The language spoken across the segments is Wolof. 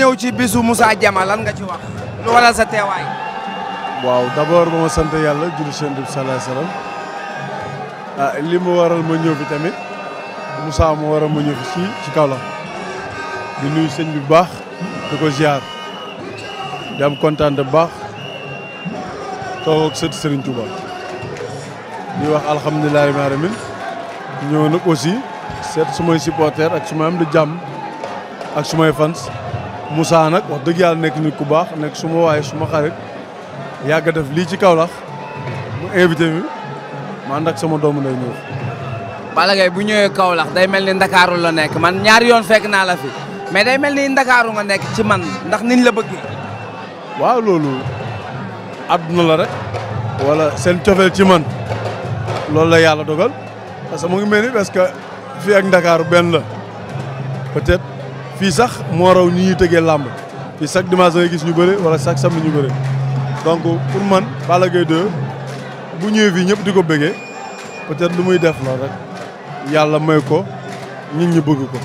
ñëw ci bisu Moussa Diama lan nga ci wax lu waral sa teewaay. waaw d' abord ma sant yàlla julli seen bi salaay salaam ah waral ma ñëw fi tamit Moussa mu waral ma ñëw fi ci ci Kaolack di nuyu sëñ bi bu baax di ko ziar di kontaan bu baax toog ak sët Serigne Touba wax alhamdulilah rabbil alamin ñëw nag aussi seet sumay supporter ak sumay am di jàmm ak sumay fans Moussa nag wax dëgg yàlla nekk nit ku baax nekk su ma waaye su ma xarit yàgg a lii ci Kaolack mu invité mi ma ànd ak sama doomu nday ñëw. Balla bu ñëwee Kaolack day mel ni Ndakaaru la nekk man ñaari yoon fekk naa la fi mais day mel ni Ndakaaru nga nekk ci man ndax niñ la bëgg. waaw loolu àdduna la rek wala seen cofeel ci man loolu la yàlla dogal parce que mu ngi mel ni parce que fii ak Ndakaaru benn la peut fii sax moo raw ni ñuy tëggee làmb fii chaque dimanche ngay gis ñu bëre wala chaque samedi ñu bëre donc pour man Balla Gaye bu ñëwee fii ñëpp di ko bëggee peut-être lu muy def loolu rek yàlla may ko nit ñi bëgg ko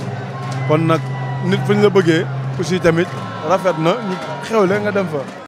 kon nag nit fu ñu la bëggee aussi tamit rafet na ñu xewle nga dem fa.